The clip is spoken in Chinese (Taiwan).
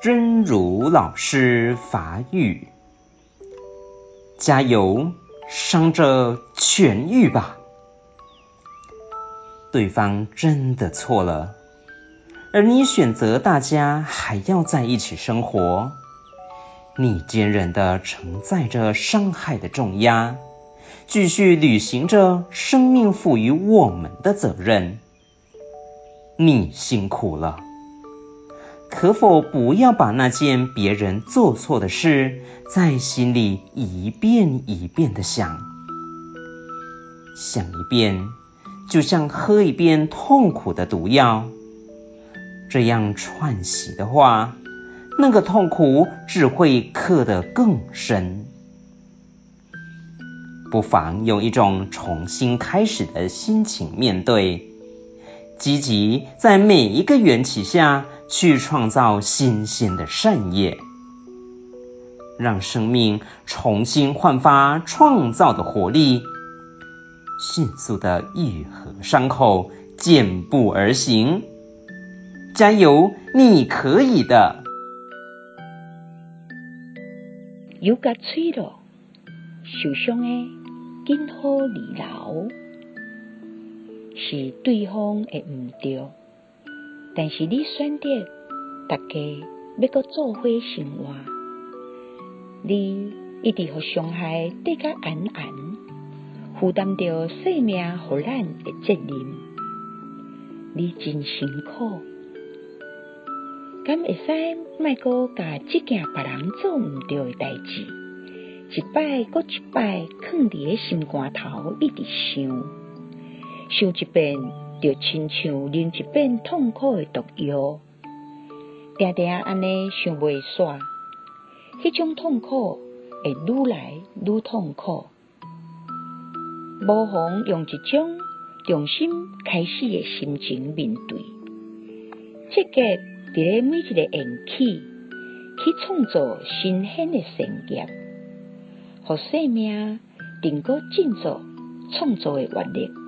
真如老師法語，加油，傷者痊癒吧。對方真的錯了，而你選擇大家還要在一起生活，你堅忍地承載着傷害的重壓，繼續履行着生命賦予我們的責任。你辛苦了。可否不要把那件別人做錯的事在心裡一遍一遍地想？想一遍，就像喝一遍痛苦的毒藥。這樣串習的話，那個痛苦只會刻得更深。不妨用一種重新開始的心情面對，積極在每一個緣起下，去創造新鮮的善業，讓生命重新煥發創造的活力，迅速地愈合傷口，健步而行。加油，你可以的！有個脆弱，受傷的，今後你老是對方的不對。但是你選擇大家要擱做伙生活，你一直互傷害，得加安安，負擔着生命互咱的責任，你真辛苦。敢會使賣擱甲即件別人做毋著的代志，一擺擱一擺，囥佇個心肝頭一直想，想一遍。就親像飲一瓶痛苦的毒藥，定定安尼想袂煞，迄種痛苦會愈來愈痛苦。不妨用一種重新開始的心情面對，積極佇咧每一個緣起去創造新鮮的善業，互生命能夠振作創造的活力。